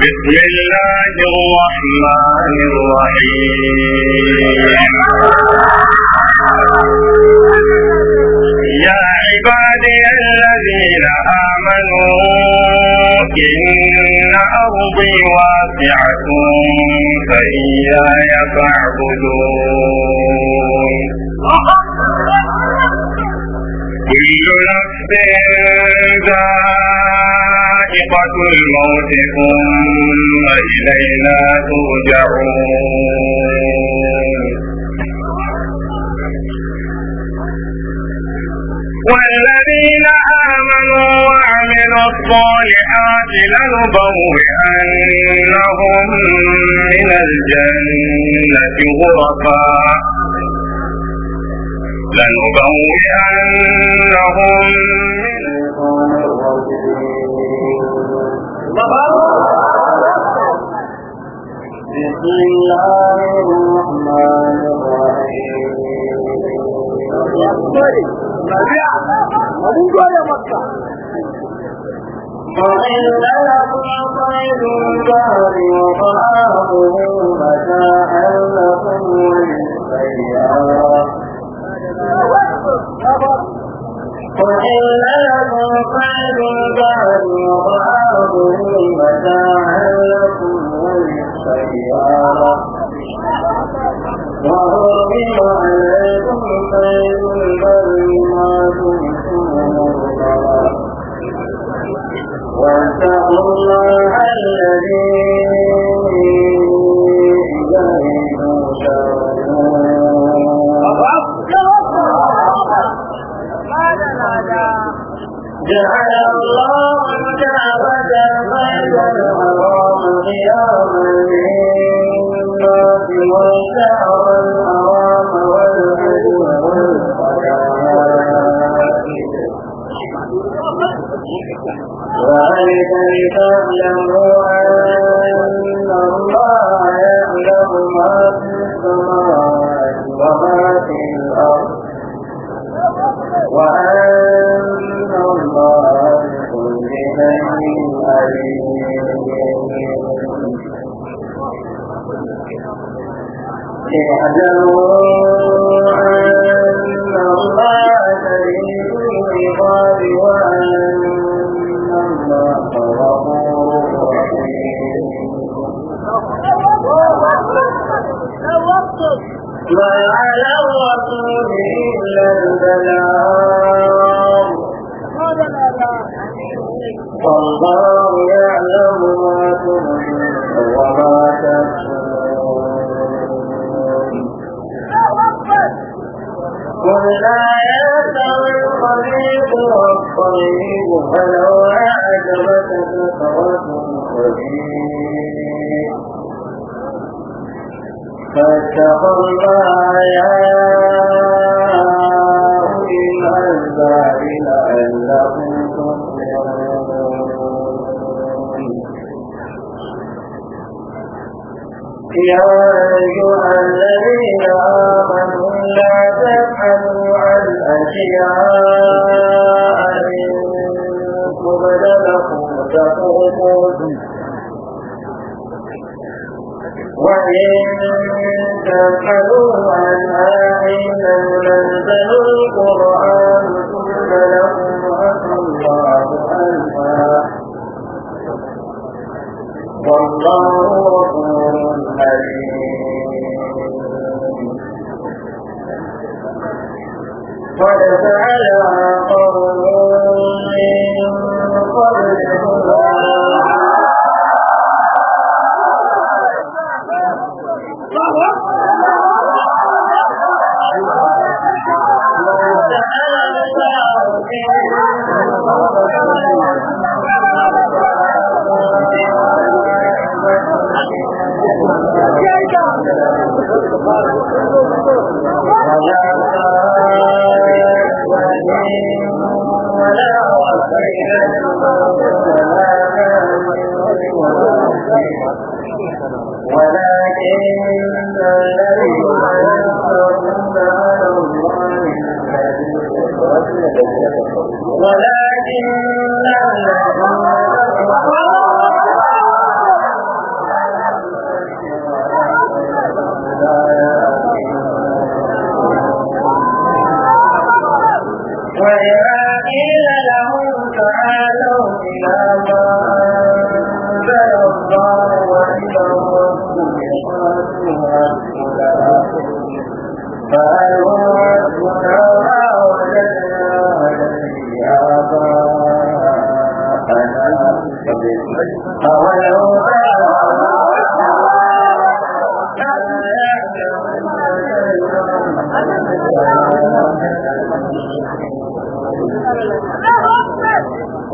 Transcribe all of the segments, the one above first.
بسم الله الرحمن الرحيم يا عبادي الذين آمنوا إن أرضي واسعة فإياي فاعبدون كل نفس ذا ذائقة الموت ثم إلينا ترجعون والذين آمنوا وعملوا الصالحات لنبوئنهم من الجنة غرفا لنبوئنهم بسم الله الرحمن الرحيم وإن لكم طيب الدهر وطعامه متاعا لكم وللسيارة وإن أبوا فعلوا بعد وقالوا متاعا لكم وللسيارة وحرم عليكم خير البر ما كنتم واتقوا الله الذي Krishna وإن تفعلوا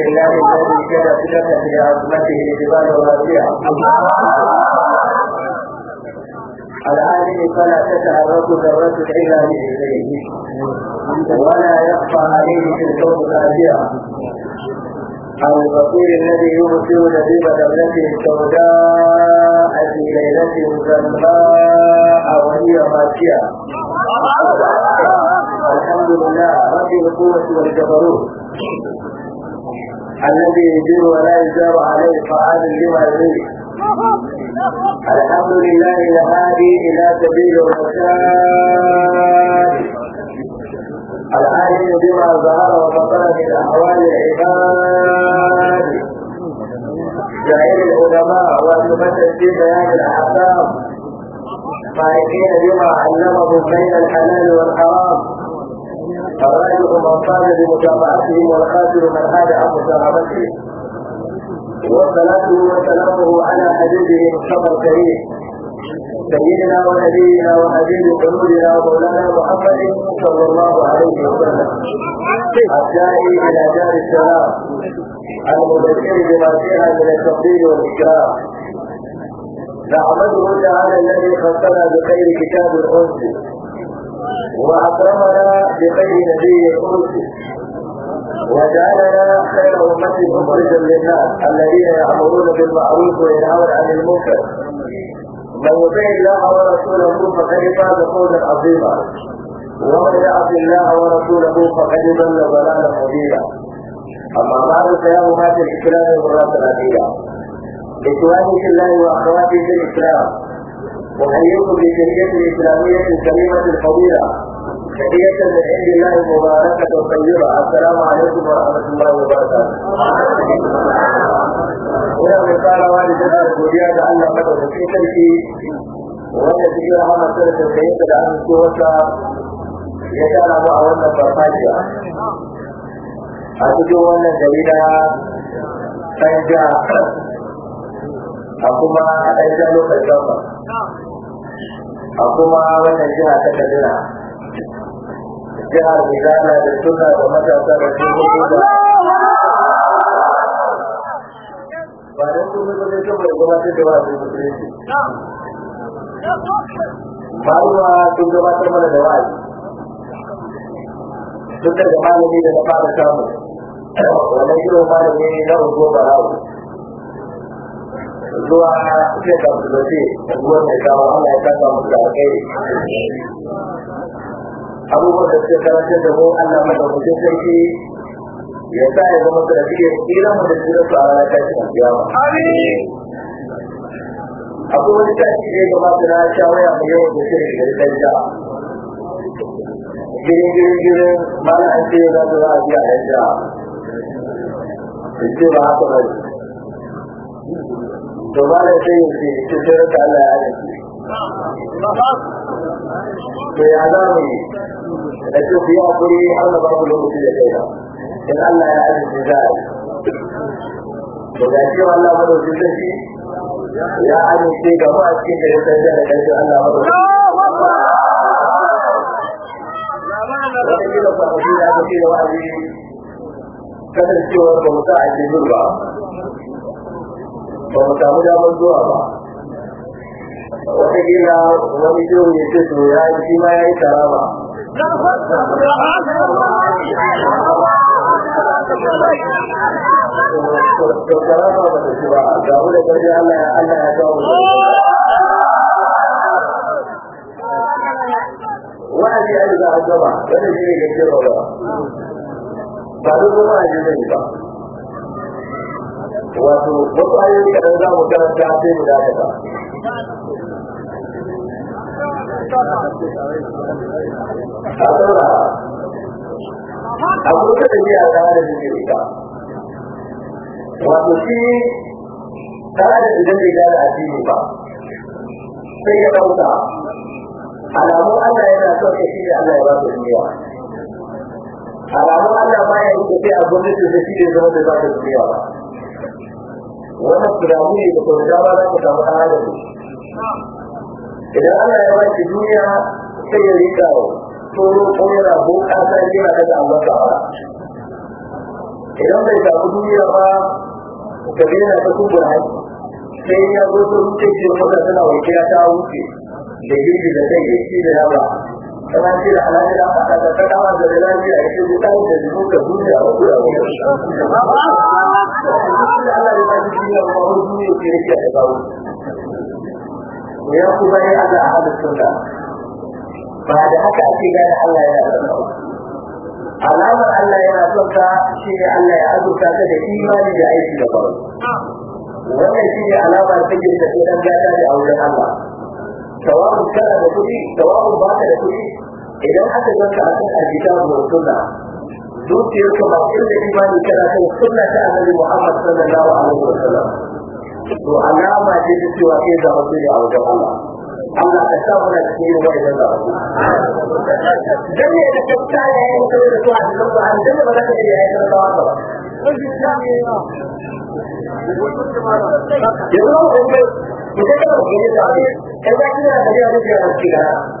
لله الذي كتب لك في عظمته جبال راسية العالم فلا تتحرك ذرة إلا بإذنه ولا يخفى عليه في الكون خافية البصير الذي يبصر لبيب دولته السوداء في ليلة ظلماء وهي ماشية الحمد لله رب القوة والجبروت الذي يدير ولا يجار عليه فعال لما يريد الحمد لله الهادي الى سبيل الرشاد العالم بما ظهر وبطل من احوال العباد زعيم العلماء والمبتد في بيان الاحكام فاعلين بما علمهم بين الحلال والحرام الراجح من قام بمتابعتهم والخاسر من عاد عن مساهمتهم وصلاته وسلامه على حبيبهم مصطفى الكريم سيدنا ونبينا وحبيب قلوبنا ومولانا محمد صلى الله عليه وسلم الداعي الى دار السلام المبشر بما فيها من التفضيل والاكرام نحمده تعالى الذي خصنا بخير كتاب الانس وأكرمنا بخير نبي قدسه وجعلنا خير أمة مخرجا للناس الذين يأمرون بالمعروف وينهون عن المنكر من يطع الله ورسوله فقد فاز فوزا عظيما ومن يعص الله ورسوله فقد ضل ضلالا مبينا أما بعد فيا أمة الإسلام والرأس الأخيرة إخواني في الله وأخواتي في الإسلام وحييكم بتحية الإسلامية الكريمة الفضيلة تحية من عند الله مباركة طيبة السلام عليكم ورحمة الله وبركاته. Ina mai farawa da jama'a godiya da Allah madaukakin sarki wanda ta yi rahama ta da tausayin da an so ya tara mu a wannan farfajiya. A wannan a a lokacin a kuma wannan jiha ta kaduna jihar Milana da suna da matasa da ke hudu da ba da kuma da kuma da gabatar da wa'azin musulunci baruwa sun ta mana da wa'azi tun daga malami da na fara samu wannan irin malami na ungo barawo zuwa na suke da su zafi ruwan da kawo Allah ya kasa musu da alkai abubuwan da suke karantar da mu Allah madaukakin sarki ya sa ya zama su da suke tsira mu da tsira su a ranar tashin alkiyama akwai wani tashi da ya gabata na shawara mai yawan da shirin da ta ja girin girin girin mana an ce za su za a biya ya, ja ba haka ba to ba da sai yake cikin da Allah ya yi to ya za mu yi da ce ku yi hakuri har na babu lokaci da kai ba in Allah ya yi shi za a yi to ga shi Allah ba da shi da ya amince ga mu a cikin da ya sanya da ƙarfin Allah ba da kasancewar ba mu a cikin ba. ba mu samu damar zuwa ba wata gina wani jiwo ya ce to ya yi shi ma ya yi karama to ba ba ya Allah ya kawo wannan shi shi ne gaskiyar ba ba duk kuma a ji ba wato wasu ayoyi da za mu karanta sai mu dakata a saura abu da ta biya ta da jini ita wato shi ta da jini ita da addini ba sai ya ɗauka alamun Allah yana son ya shirya Allah ya ba su duniya alamun Allah ba ya yi tafiya a gwamnati da shi da zama da ba su duniya ba wannan tunani ne da kuma dama za ka samu ɗan idan ana ya baki duniya sai ya rika toro ko yana bunƙasa yana daga ambata idan bai samu duniya ba ka daina ta kubur haƙƙi sai ya zo ta wuce ce maka tana wakila ta wuce da girgiza kai da shi da kana ce da alaƙa a daga kadawa da lafiya ya ce gudan da zuwa da duniya a wuya a Allah ya bani shi ya kawo duniya ke rike da kawo ya kuma yi ala ahadu sunna ba a da haka ake gane Allah ya da alamar Allah yana son ka shi ne Allah ya azurta ka da imani da aiki da kwaro wannan shi ne ta take da dan gata da auren Allah Tawabu kana da kuɗi tawabun baka da kuɗi idan aka zanka a kan ajiyar mutuna dukiyar ka ba ɗin da imani kana kan sunna ta annabi Muhammad sallallahu alaihi wasallam to alama ce ta cewa kai da mutum ya auga Allah Allah ka sa mana cikin ruwa idan da dan ne da kafta ya yi mutum da zuwa da ba an da ba za ka da aikata ba ba da ko ko ko da ko ne da kai ba kina da ya rubuta a cikin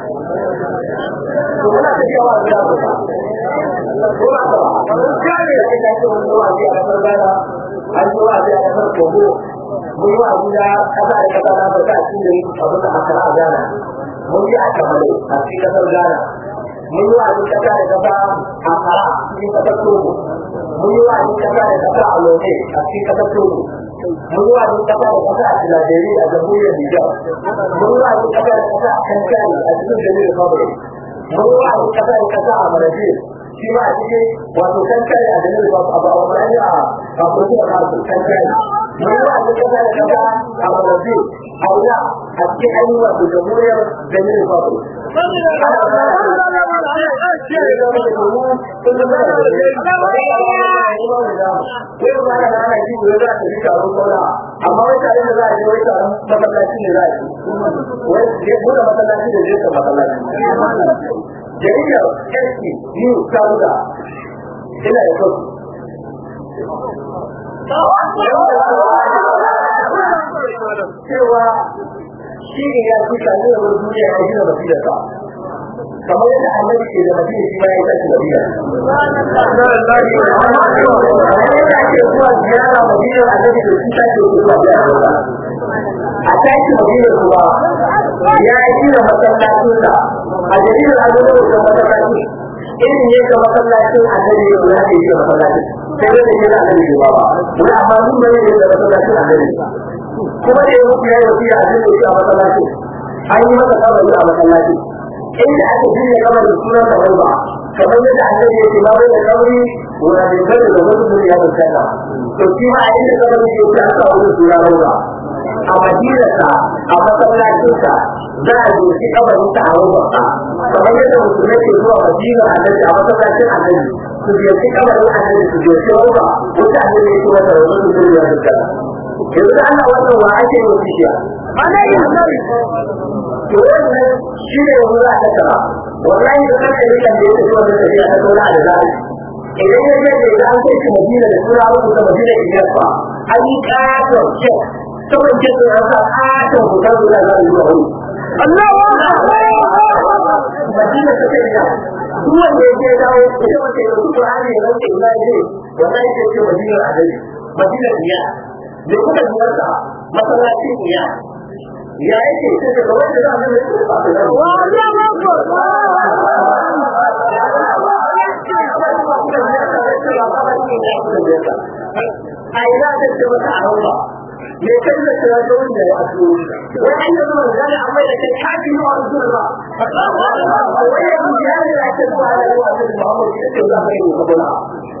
我们那个电话机啊，多难懂啊！家里人家用电话机，还说白了，还是电话机，还是起步。没有啊，人家家家家家都带，现在都差不多二千了。没有啊，这么累，还提个二千了。没有啊，人家家家二千了，提个二千起步。没有啊，人家家家二千了，提个二千起步。murua dikatakan kata adalah dari agama yang bijak. Murua dikatakan kata akan adalah dari khabir. Murua dikatakan kata amal Cuma ini waktu kankan adalah sebab abang orangnya apa itu waktu kankan. Murua dikatakan kata amal jil. hati hanya waktu jemur dari khabir. amma wai tare da za a yi wai taron masallaci ne za a yi wai ya buɗe masallaci da zai ka masallaci jaridar SC New Sauda ina da sosu cewa shi ne ya fi sani da wani duniya ya gina basirarsa kamar yadda annabi ke da basira shi ma ya tashi basira yadda ake zuwa ziyara madinar annabi da shi da zuwa ziyara a tashi madinar ya a jaridar annabi da masallaci irin yadda masallacin annabi ya zuwa ke gina masallacin sai da ke da annabi ba ba amma mun bayyana da masallacin annabi kuma da ya muku ya yi wasiya a cikin shi a masallaci an yi masa kabari a masallaci inda aka shirya kabarin sunan da wani ba kamar yadda annabi ya ce ma bai da wani bin kai da wani mutum ya fuskanta to shi ma a da kabari ya ce wani suna rauba a madinarsa a masallacinsa za a doki kabarinsa a raubarsa kamar yadda musulmai ke zuwa madina annabi a masallacin annabi su ziyarci kabarin annabi su ziyarci rauba wanda annabi ya kuma masa wani suna ya fuskanta yanzu ana wannan wa ake yi kishiya ana yin sani to wannan shi ne yanzu za a tattara wallahi da kanka ne kan da yake zuwa da tafiya ta zauna da zafi idan ya ce da an kai shi madina da sura uku, ta madina idan fa an yi ƙaton kyau saboda ke da sa ƙaton ku ta zuwa da zuwa wani Allahu Akbar madina ta tafiya duk wanda ya ke dawo ita wace da Qur'ani da rantsa ina je wallahi sai ce madina adali madina duniya me kuka yi wata ya ya yake ce da kawai da za a zama yake ba da wa ya ma ko a ina da ce mata a hauwa me kai da ce da wanda ya asu wai an yi zuwa gane akwai da ke kafi yi wa ba. ba wai ya ba ya ne ba ke zuwa ba yawa da ba mu ke ba da mai ba.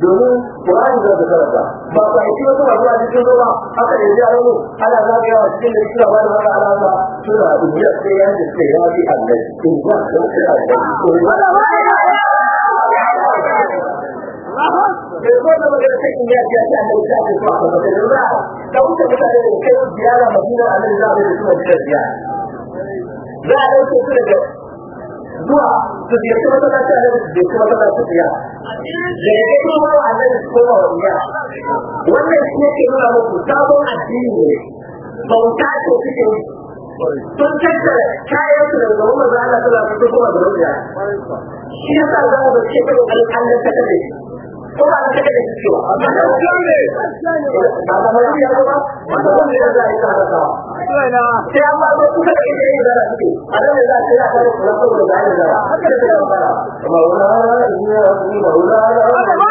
domin Qur'ani da ka karanta ba ba shi wata ba a cikin ruwa haka da ya yi ana zaka yawa cikin da kira wani haka ala ba sura dubiya sai ya ce sai ya bi Allah in ba da kira da ko da ko ya ce ya ba ba da da wuce da kai kai ziyara Madina Allah ya ba da su da ziyara za a dauke su daga zuwa su ziyarci masallaci a nan su ziyarci masallaci ziyara da ya kuma wa annabi kuma wanda iya wannan shi yake nuna muku sabon addini ne bauta ce suke sun tattara kayan su daga wani maza ana suna kuma da rubiya shi ya sa za mu ga cikin kokarin Allah ta kare ko ba ta kare shi ba ba ta kare ta kare kare Suwai na. Sai an ba su kuka da kake yin zara suke. A nan da za a tsaya kare kula ko da zai zara. Haka da zai zara. Maula ya rabbi maula ya rabbi.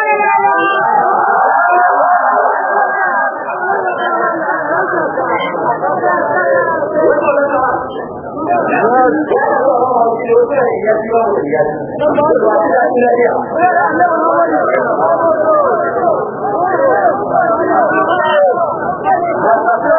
Thank you.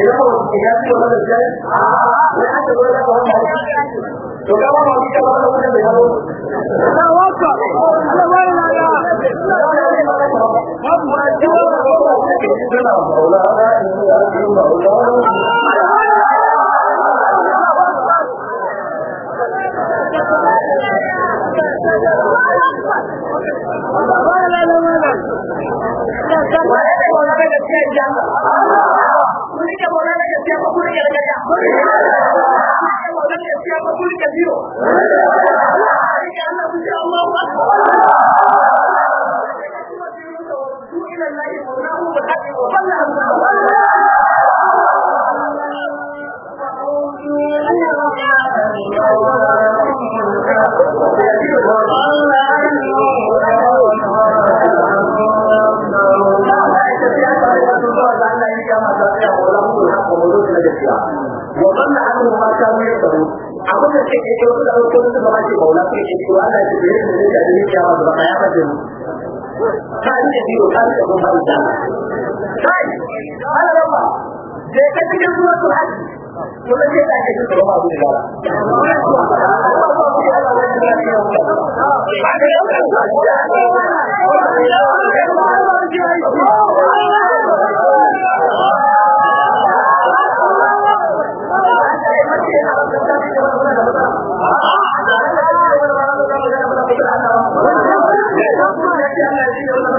এরকম একাত্রী কথা দেখছেন ওটাও অনেকটা কথা বলে দেখাবো wa man na'amu ma kanu yasabu abin da take kai wasu da wasu sun gaba ce maula sai ke cewa ana ce da yin da yin kyawa da baka ya kace mu ka yi da biyo ka yi da kuma da kai ala rabba je ka kuma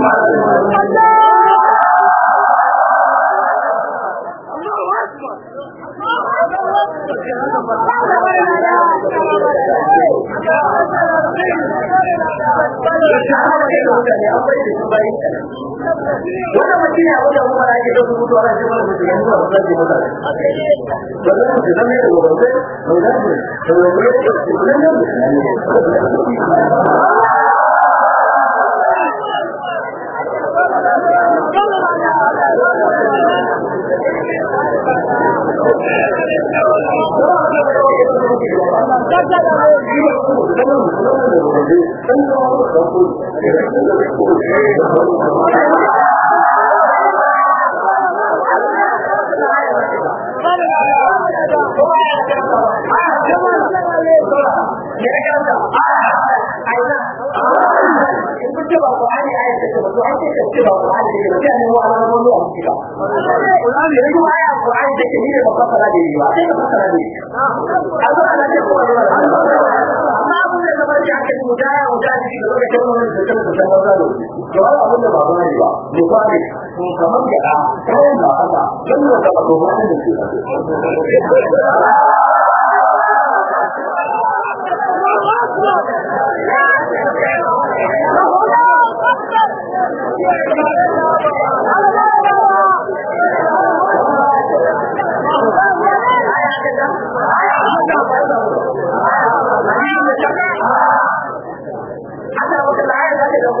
wannan mutum ya wuce kuma na ke dauka mutuwa na cikin mutum yanzu a kusan ke mutane wannan mutum zama yadda gobe da wuce da wuce da wuce da wuce da wuce Qur'ani ya yi Qur'ani da kini da fassara da yi ba sai da da yi Allah ana ce ko wani amma abun da kamar ya kai mu daya mu da shi da kai da da kai to Allah abun da ba ba ne ba mu ba ne kamar da a kai da Allah dan da ba ko wani da shi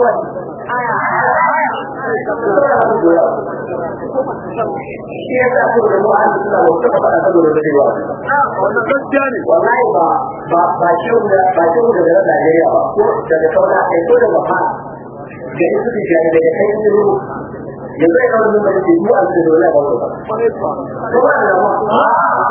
shi ya sa kuma mu an suna mu ta fara saboda da cewa wannan gaskiya ne wallahi ba ba ba shi da ba shi da da Najeriya ba ko daga sauna kai ko daga fa da su da jari daga kai su ru yanzu ai kawai mun ba da mu an suna da ba ko ba ko ba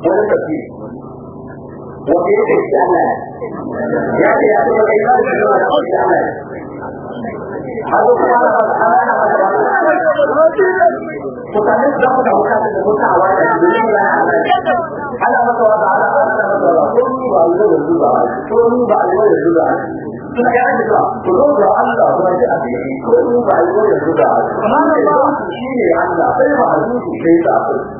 我的手机，我给这钱来，年年都给那地方掏钱来，他不玩了，他玩那个东西。我去，我反正知道我干这个，我干完了，你过来。还两个说啥？还两个说啥？说五百一个月是啥？说五百一个月是啥？就那样子是吧？说五百一个月是啥？说五百一个月是啥？这是虚拟案子，非法虚拟真实。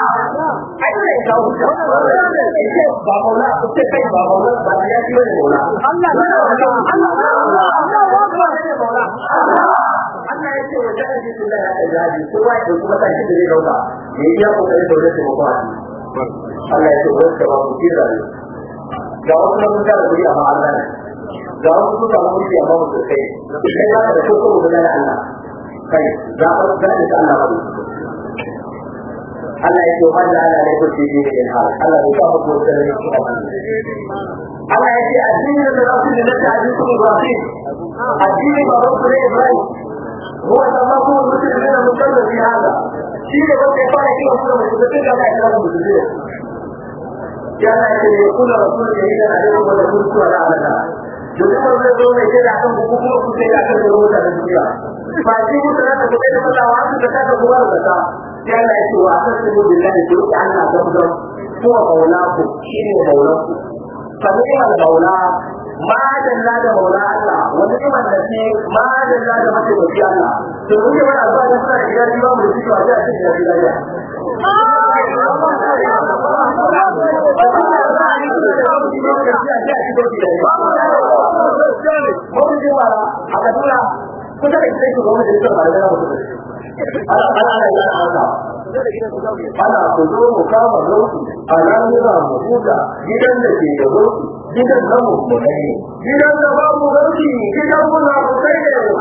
kawo ba maula kuke kai ba maula ba ya ci bane maula Allah ne Allah Allah ne maula Allah ya ce wa ta'ala billahi ya ibadi kowa ya kuma san shi da dauka ya yi ya kokari da wannan taimako Allah ya ce wa ta ba ku kira ne ga wannan mutane da ya ma Allah ne ga wasu mutane da ya ma mutai kai da kuma da Allah kai za ka ga Allah ba Allah ya ce wa Allah ala alaikum fi dinin Allah ya kawo ku sallallahu alaihi Allah ya ce addinin da za da na tafi su Ibrahim addinin ba ku ne ko da ma ku mutu da na da haka shi ne ba sai fara kiran su da mutu da ga da su ya na ce ne kula da su ne da da ba da mutu da Allah duk da zai zo ne da kan ku kuma ku sai da kan da mota da duniya ba shi mutu da ku da Allah wa su ta sai Allah ya ce wa tasbihu billahi ku rike Allah zamzam ko maulaku shine maulaku fa ni'mal maula ma dalla da maula Allah wa ni'mal nasi ma dalla da mataimaki Allah to mun yi wani albani suna idan ba mu da cewa za a ce da lafiya Mun ji wala a Kaduna kusa da ita ce gwamnati da ita ba da ana ana ana ku zo mu kama zauki a lamura mu huta gidan da ke da zauki gidan da mu ne. gidan da ba mu zauki gidan mu na ku sai da ku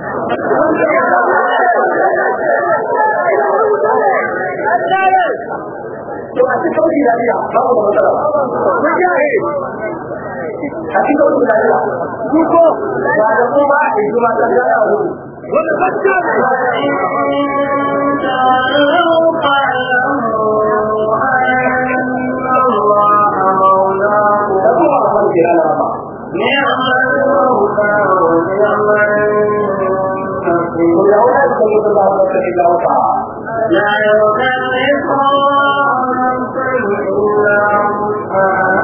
Thank you. cikin sauki lafiya ba mu da matsala mun kiyaye a cikin sauki lafiya ku ko ba da ku ba a juma ta da ku wanda bacci لا يكلف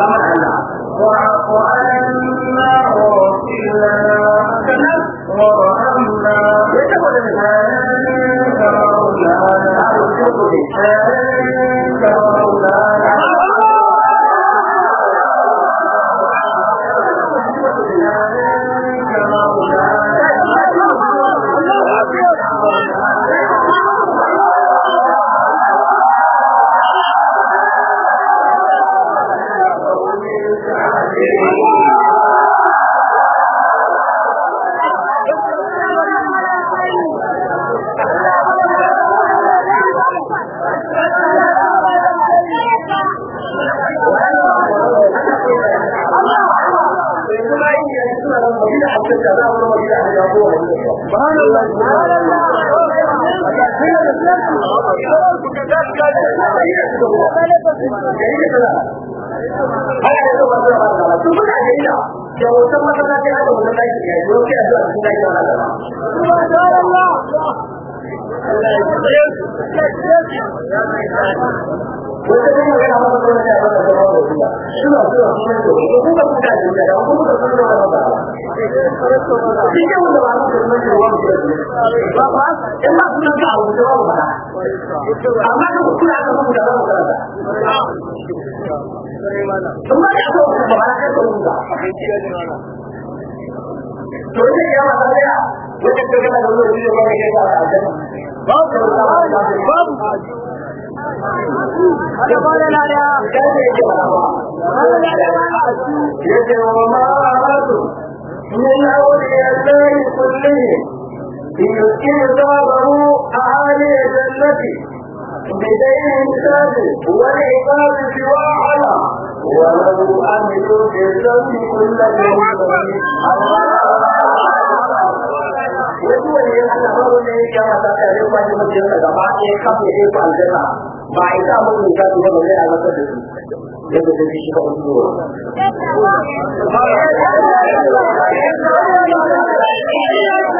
kamar Allah ya tabbata da kaza wani wani a ya wata kuma yana masa kuma ta kuma ku kuma من أولياء كلهم ليسكن داره أعالي جنته بدين ثابت والعقاب سواحنا وله أمر الجنة كل الله ayoyin Allah ba ya kiyama ta ta yi kwashi mutum da gaba ɗaya kafin ya yi ba a isa mun da su ba zai alaka da su yadda da shi ka wasu ruwa. Thank you.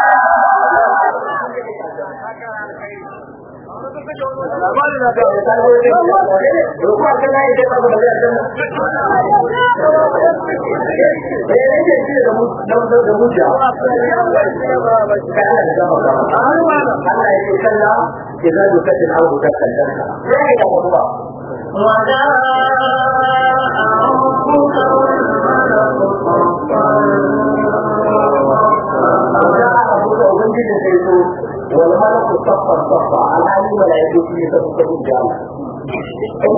Ina duka jin abu da kallon ka. والهدف الصفة الصفة العليم لا يجوز فيه تصدق الجامعة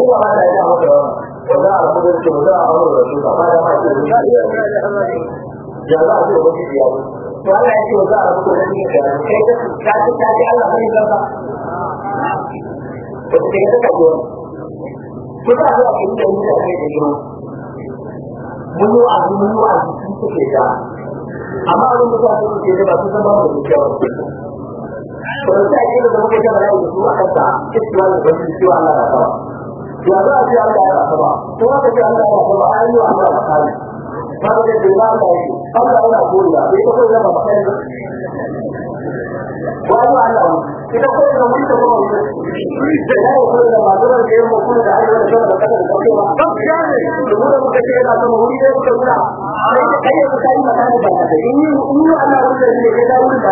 هو هذا دعوة ولا قدرة ولا أمر رسول هذا ما يجوز جزاء في وجه اليوم ولا يجوز ولا أمر رسول كيف تتعلم تأتي الله من الجزاء وتتجد تقول كما هو أنت من أهل اليوم منو أهل منو أهل كيف تجاه أما أنت تقول كيف تجاه to da shi da muke da bayani da su a kanta cewa da wani cewa Allah ya saba ya za a ce Allah ya saba to haka ce Allah ya saba ai yau Allah ya saba ba da ke da Allah ya Allah yana godiya bai ta koyi ba kai ba ba Allah ita koyi da mutum ko mutum da ya da mazurar da ya mutu da ayyuka da shawara da kada kuma da mu da muka ce da mu wuri da muka kula sai da kai ka yi magana da kai in Allah ya rubuta ne da wurin da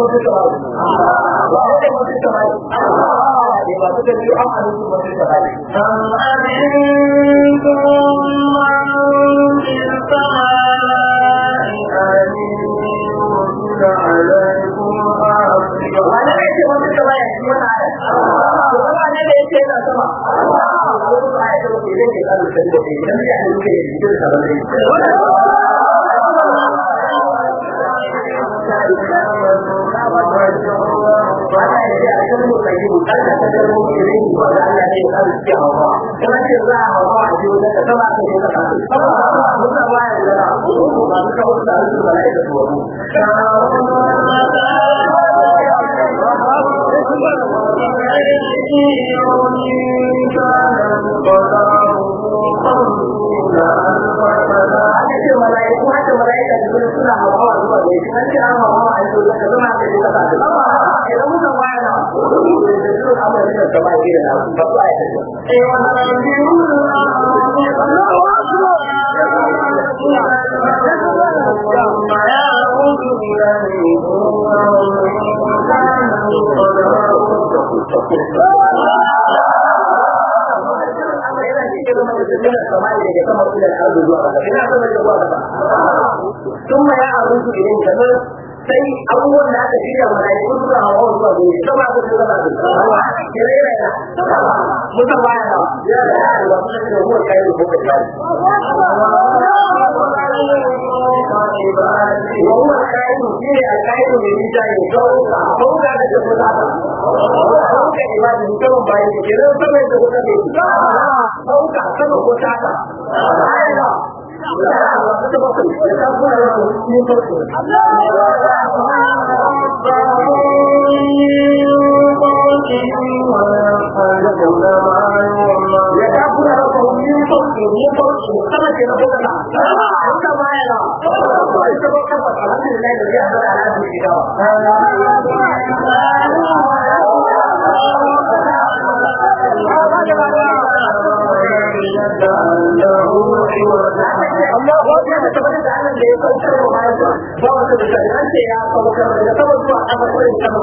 masu samari wane ne masu samari ne masu da biyu an hannun su masu samari Wani aiki wani sama ya ci wani ala, wani ne ya ce na sama, wani ba ya ce wani ne ya ce na sama, wani ne ya ce na sama, wani ne ya ce na sama, ba za a yi a kan mu kai da ce ta ta da da Thank you. mala'iku haka mala'ika da kuma suna hawa zuwa ne shi an hawa hawa an zuwa ka zama ka duka ta ba idan eh, muka waya na eh, da zuwa amma da ta ba ki da ba ku ai eh wannan bi mun Allahu akbar ya uzu lani Allahu akbar من السماء إليك ثم إلى الأرض جوابا فإن أعظم جوابا ثم يا أرض إليك ثم sai abubuwan da aka shirya wa da yakun zuwa hawa zuwa gobe sama ko zuwa ba su kire ne mutum ba ya ya da wa kuma da ruwa kai da gobe kai وهو الخائن فيه الخائن بالميزان فوق هذا الجهود هذا فوق عباده كم بعيد كذا فما يتقول به ɗauka sama ko tata bayan da mutane a wasu ta bakwai da ta kuma da wasu ne farko ya ta kuma da wasu ne farko ne farko sama ce na kuka na sama a wata bayan da kuma ita ba kafa alhamdulillah da ya haɗa alhamdulillah الله أكبر تبدأ عن اللي يقصر وهذا بابا تبدأ أنت يا أبو كرم إذا تبدأ أبو كرم كما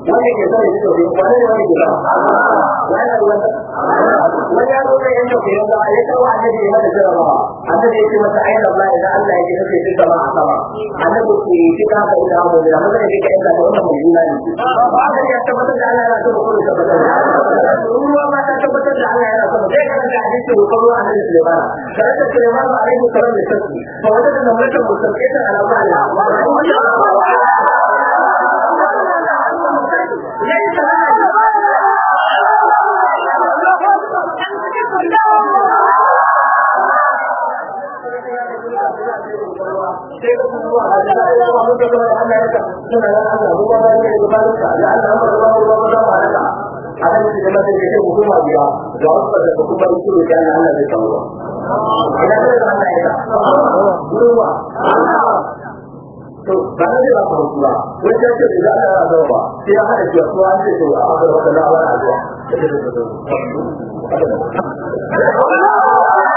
wanda ke sani da wani wani ne wani gida wani ne wani wani ya zo da yanzu ke yanzu a yi kawo annabi ya mata jarabawa annabi ya ce mata ayin Allah idan Allah ya ce kake shi sama a sama annabi ku yi shi yi ina mu da maza ne kake yanzu da wannan mai imani ba ka ya tabbatar da Allah yana so ku kuma tabbatar ruwa ma ta tabbatar da Allah yana so sai ka ga hadisi ko ruwa annabi Sulaiman sai Ba a alaihi salam da sarki fa wanda da mulkin musulmai ta Allah wa Allah sai ka san ruwa da ya ba mu da Allah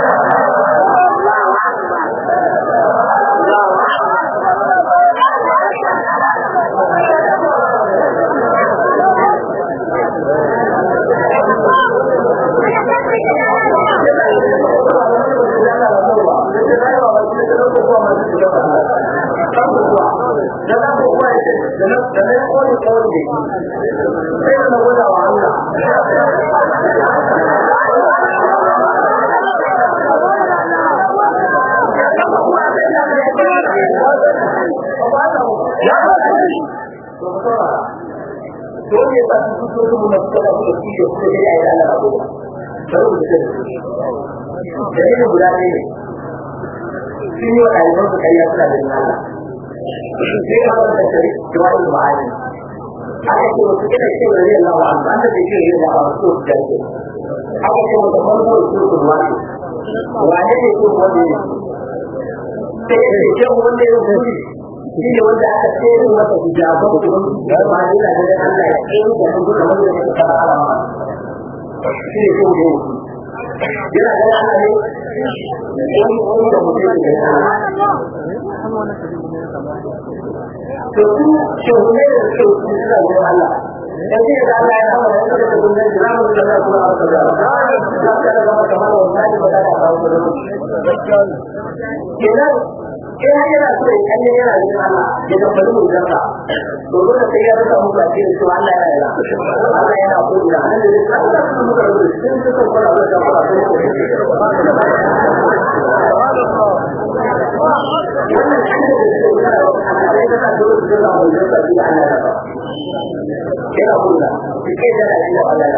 ne sun yi wa ɗaliban su ƙarya suna da nuna sai ya wani da shari jawabin ma'ani aka ce wasu kira ce wa zai lawa an ba da ke yi da ba su da ke aka ce wata farko su su wani wane ne su wani ne sai ya ce ke wanda ya wuri shi ne wanda aka ce yi masa hijaban su da ba ne na da Allah ya ce da su gudu wanda ya ce ta ba alama shi ne ko da ya wuri yana da Allah ne wanda mutum ne in har yana so ya kalle yana jin Allah ya tabbata mu zaka to dole sai ya rasa muku ce to Allah yana yana Allah yana ko da nan da zai ka da su muka rubuta sun su ko fara da fara ko ko Kira pula, kita dah ada Allah.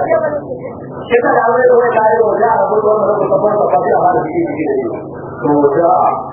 Kita dah ada orang kaya, orang ada orang orang orang orang orang orang orang orang orang orang orang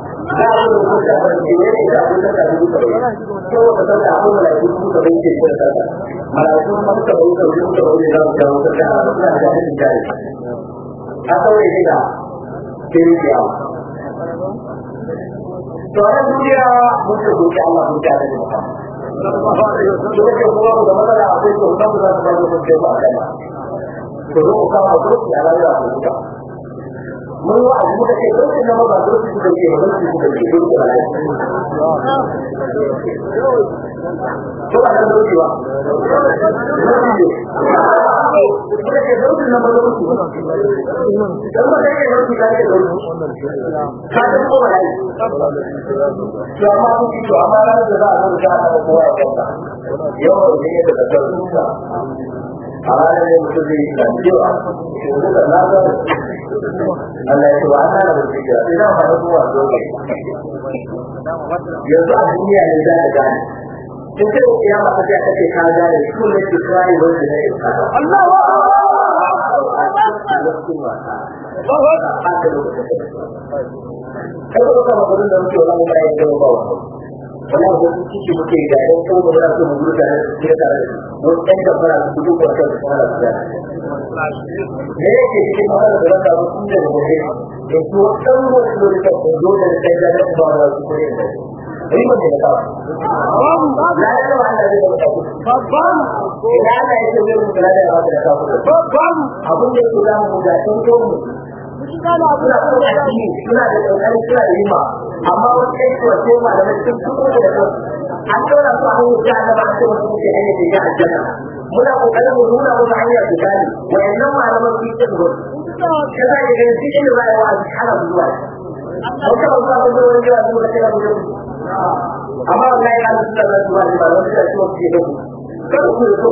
za a yi rubutu da farce ne ne da abin da ta rubuta ba yau ba san da abin ta ta ta Allah mun ta da ta ta ta ta Allah ya mun wa an na ce don su zama ba don su suka ce don su suka ce don su ba to ba kan don su ba muka ce don su zama don su don ba kai don su kai don su ka san ko wala to amma mun ci to amma ran da za a zo da kowa ya kanta yau ne da ta rubuta a ranar ne mutum zai yi lantewa Allah ya ce wa ana da mutum ya sai dama na zuwa zo ne yanzu a duniya ne za ka gane in kai ko kiyama ka sai ka ce ka gane su ne su kare wanda ne Allah wa Haka lokacin da muke wani mutane da ba wa wala ko kike muke da dan ko ba za su mu da ke tare don dan da fara su duk wata da fara da ne ke cikin fara da ta ku da gobe da su kan wasu da ta ko da ta da ta da su ne riba ne ta babu babu da ta wanda da ta babban idan ka yi da mu da da ta babban abun da ku za mu da ta da da da da amma wasu kai su wace malamai sun fito da su an tsora su a hanyar jahannama a cewa su ke hanyar da ya aljanna muna kokarin mu nuna musu hanyar su gane wayannan malaman su ce gudu kaza da ganin su ilmi rayuwa a shekara zuwa wata ba zuwa kuma wani jira su mace na gudu amma wallahi ya zuwa da su ba da ba wani da su ke gudu kada ku da su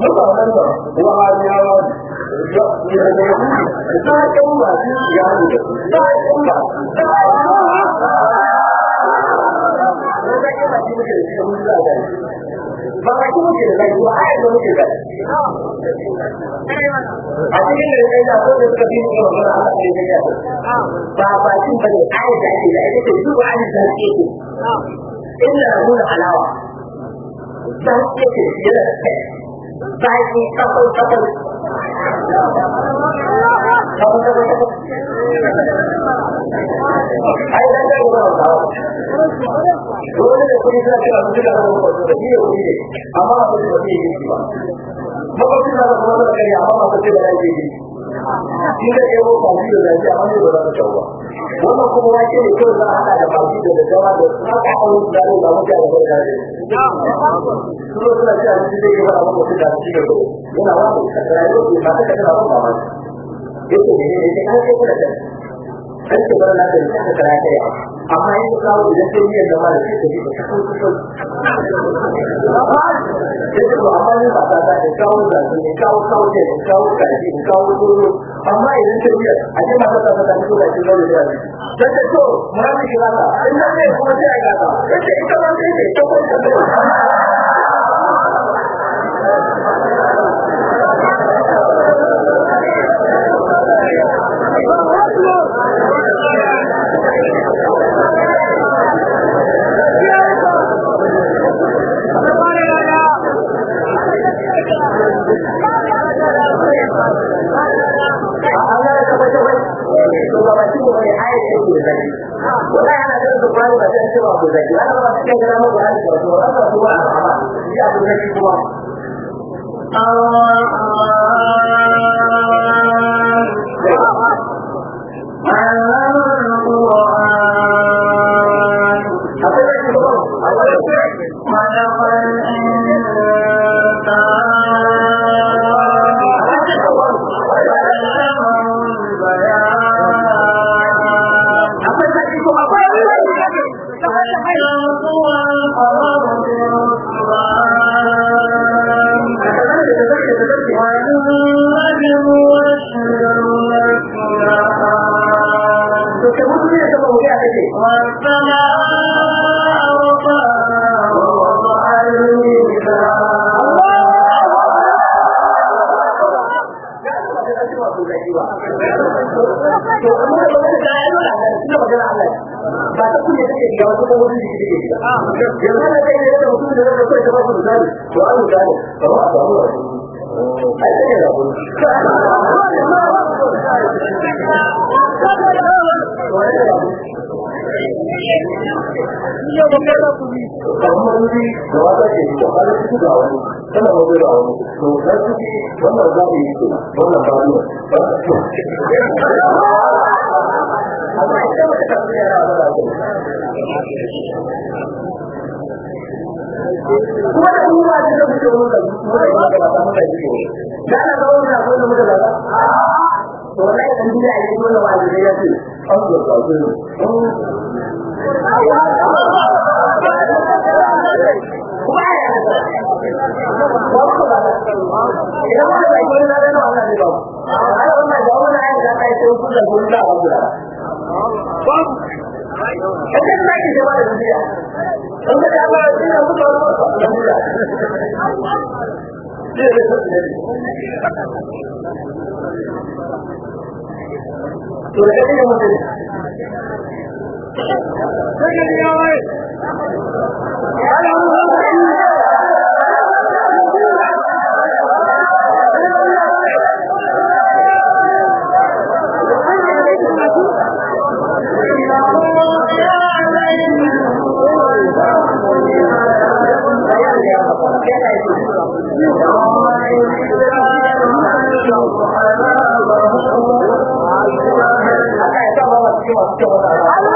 mutanensa wahaniyawa ne ya ne ta ya ba ka ci muke da kai ba a yanzu muke da a cikin da kai da ko da suka fi muke magana a cikin da kai ba ba cin ba ne a yanzu ake da ake ba a ake ina nuna alawa da baik ni kapal kapal. Kapal kapal kapal. Ayat yang kurang tahu. Dulu ni polis nak kita mesti dah tahu pasal dia ini. Amal apa tu mesti ini siapa. Maka kita nak tahu nak kerja amal apa tu dah ini. Kita jauh pasal dia dah jadi amal dia dah mencoba. kuma wake ne kyau za a da fashi da dawa da haka an yi tsari ba mutane kare suna da yana wani ba ta kasar abin ba ma ne ne ne sai ka bar lafiya da ka kara kai amma in ka kawo idan sai yin da mara sai da yin a ji ma da shi da da muku da zaki wallahi ana da su kwani ba sai cewa ku zaki ana ba sai kana muku da su to wannan su ba ya ku zaki kuma Allah Allah da shi ba to amma ah. da wani da ba ba ba ba ba ba tana wajen da wani to za su wannan za mu yi su wannan ba mu kuma da kuma ba da muke muka yi maka ba muka yi ko da na ba wannan ko da da ba to lai kan dina yi ko da wani da yake an da ba ku kuma ya idan wani bai yi na zama wannan ne ba ai wannan da wannan ayat da kai sai kuka gunta a gura kace na ki da wani duniya kun ga Allah ya tsira ku da wannan duniya to da ne mutum Thank you. Aleluia.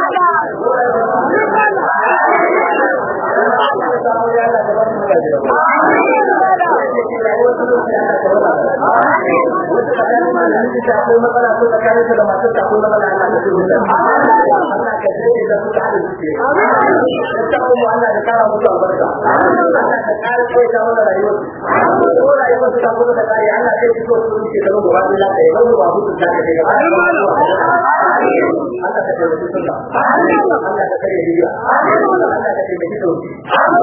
fire. Allah ka kare riya. Allah ka taimake su.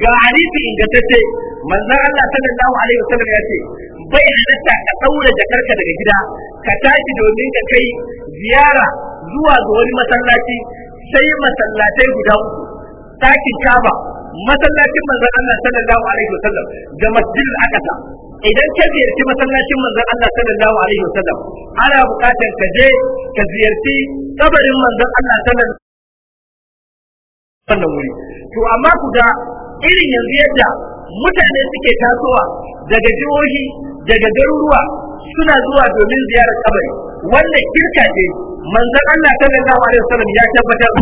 ga hadisi ingantacce manzon Allah sallallahu alaihi wasallam ya ce bai halatta ka daura jakarka daga gida ka tashi domin ka kai ziyara zuwa ga wani masallaci sai masallatai guda uku takin kaba masallacin manzon Allah sallallahu alaihi wasallam da masjidil aqsa idan ka ziyarci masallacin manzon Allah sallallahu alaihi wasallam ana buƙatar ka je ka ziyarci kabarin manzon Allah sallallahu alaihi wasallam to amma ku ga irin yanzu yadda mutane suke tasowa daga jihohi daga garuruwa suna zuwa domin ziyarar kabari wannan kirka ce manzon Allah sallallahu alaihi wasallam ya tabbatar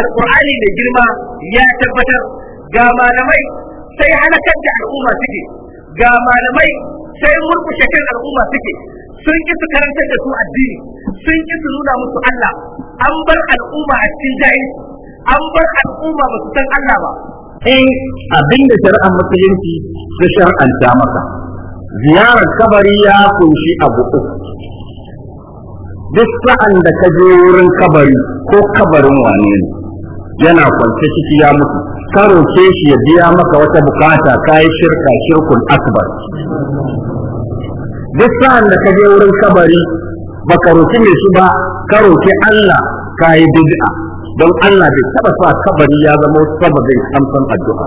alqur'ani da girma ya tabbatar ga malamai sai halakar da al'umma suke ga malamai sai murkushe kan al'umma suke sun ki su karantar da su addini sun ki nuna musu Allah an bar al'umma a cikin an bar al'umma ba su san Allah ba in eh, abin da shari'ar musulunci ta shar'anta maka ziyarar kabari ya kunshi abu uku duk sa'an da ka je wurin kabari ko kabarin wane ne yana kwance ciki ya mutu ka roke shi ya biya maka wata bukata yi shirka shirkun akbar duk sa'an da ka je wurin kabari baka roki mai shi ba ka roki Allah ka yi bid'a don Allah bai taba sa kabari ya zama sababin san addu'a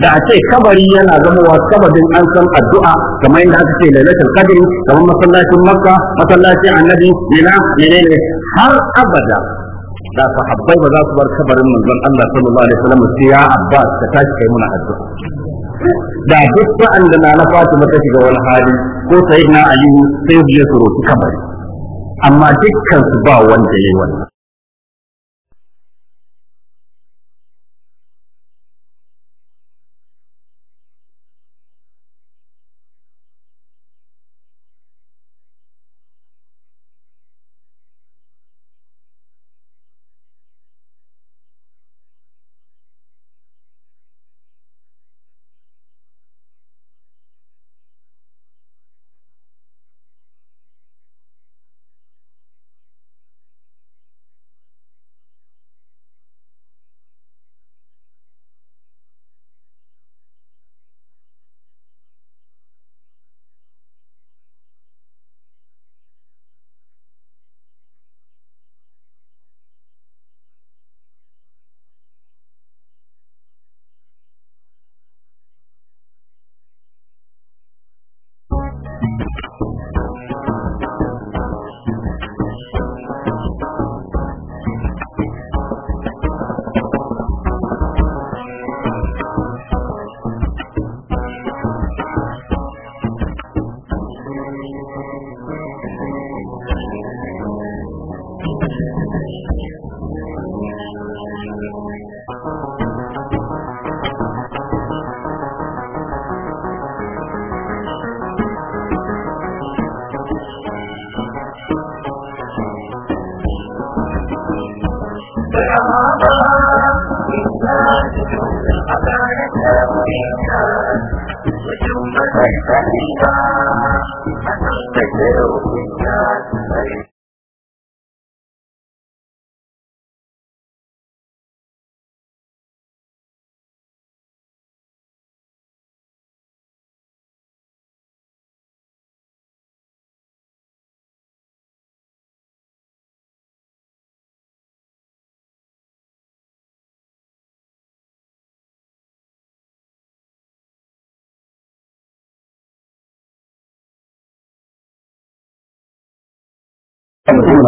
da a ce kabari yana zamowa sababin an san addu'a kamar yadda aka ce lailatul qadri kamar masallacin makka masallacin annabi mina menene har abada da sahabbai ba za su bar kabarin manzon Allah sallallahu alaihi wasallam sai ya Abbas ka tashi kai muna addu'a da duk sa'an da na Fatima ta shiga wani hali ko sayyidina Ali sai ya su kabari amma dukkan su ba wanda yayi wannan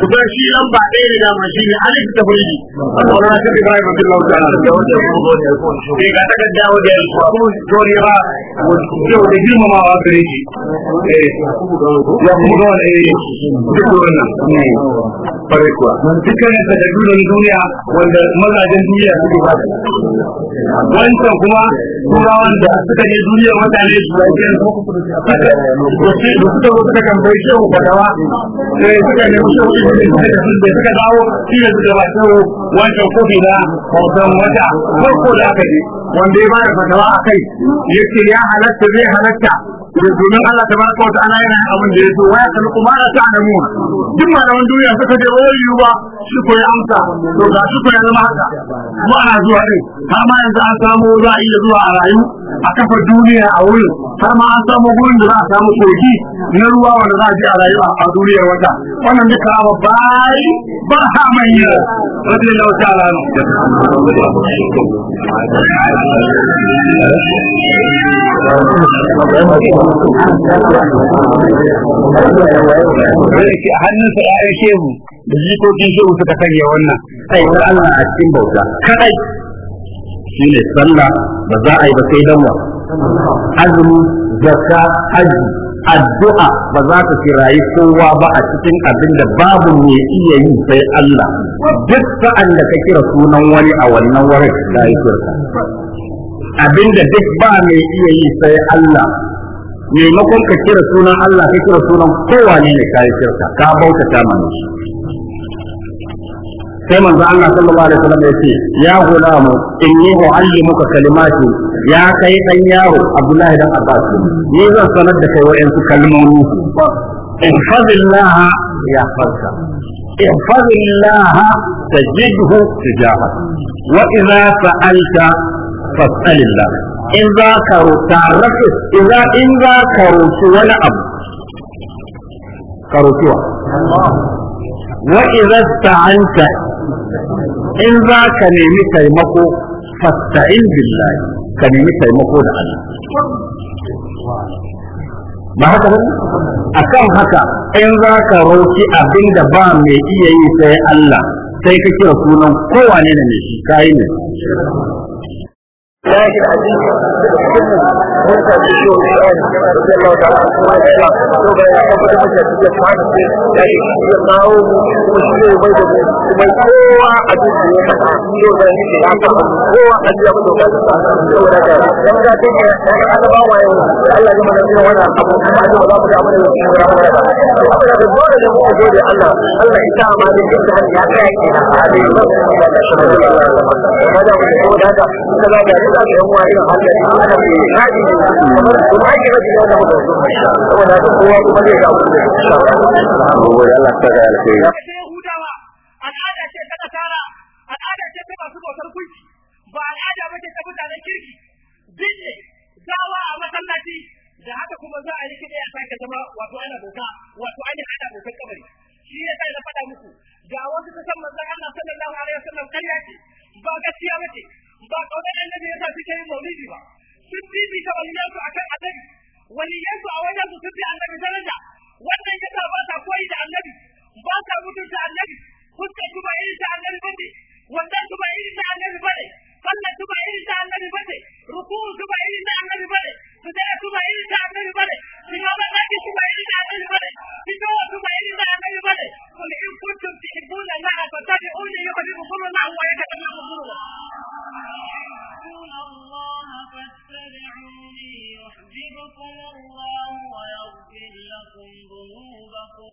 kuma shi nan ba ɗaya ne dama shi ne alif ta da wanda ya ga ta gadda wa da ba da girma ma wa gare shi eh, eh, duk eh, kuwa duniya wanda mazajen duniya suke ba wancan kuma da suka je duniyar mutane su suka sai suka da suka dawo shi ne su gabatar wancan kofi na hoton wata farko da aka yi wanda ya bada fatawa a kai ya ce ya halatta zai halatta domin Allah ta baraka wa ta'ala yana abin da ya so waya ta kuma da ta alamu duk malaman duniya suka je wai ba shi ko ya amsa to ga shi ko ya zama haka mu ana zuwa din har ma yanzu an samu za a iya zuwa a rayu a kafar duniya a wurin har ma an samu gurin da za a samu kogi na ruwa wanda za a je a rayu a duniyar wata wannan duka ba bai ba ha mai yi wajen da wata alamu hannun sa ya shehu da jikokin shehu suka sanya wannan sai ta Allah a cikin bauta kadai shi ne sallah ba za a yi ba sai danwa azumi zakka haji addu'a ba za ta kirayi kowa ba a cikin abin da babu mai iya yi sai Allah duk sa'an da ka kira sunan wani a wannan wurin da ya kirka abinda duk ba mai iya yi sai Allah maimakon ka kira sunan Allah ka kira sunan kowa ne ne kai shirka ka bauta ta mana sai manzo Allah sallallahu alaihi wasallam ya ce ya gulamu inni uallimuka kalimati ya kai dan yaro Abdullahi dan Abbas ni zan sanar da kai wayansu kalmomi ihfazillah ya farka ihfazillah tajidhu tijaha wa idza sa'alta fasalillah in za ka roƙa rafi in za ka roƙi wani abu ka roƙiwa wa idza sta'anta in za ka nemi taimako fasta'in billahi ka nemi taimako da Allah ba haka ba A kan haka in za ka roƙi abin da ba mai iya yi sai Allah sai ka kira sunan kowane ne mai shi kai ne لكن عزيز mun ka shi shi wani ɗan da Allah da kuma da shi to ba ya kuma da shi da tsani ce da shi ya kawo mu shi ne bai da kuma kowa a cikin ya ka to ba ni da ya ka kowa a cikin ya ka to da ka dan ga ce ya ka ba wa yau Allah ya mana cewa wannan abu kuma da za mu da abin da shi ya rawa da abu da dole ne mu gode Allah Allah ya sa ma da duk da ya kai ki da abin da shi ne Allah ya mana da mu da da da da da da da da da da da da da da da saboda haka kowa ba al'ada ba ce ta mutanen da kuma za ya zama sa muku ga ba ba yasa maulidi ba sun fifita waliyansu akan annabi waliyansu a wajen su sun fi annabi daraja wannan yasa ba sa koyi da annabi ba sa mutunta annabi fuskar su ba irin ta annabi bane wannan su ba irin ta annabi bane sallar su ba irin ta annabi bane ruku'u su ba irin ta annabi bane sujada su ba irin ta annabi bane imaman daki su ba irin ta annabi bane fitowa su ba irin ta annabi bane qul in kuntum tuhibbuna allaha fattabi'uni yuhibbukum allah wa yaghfir lakum dhunubakum فاتبعوني يحببكم الله ويغفر لكم ذنوبكم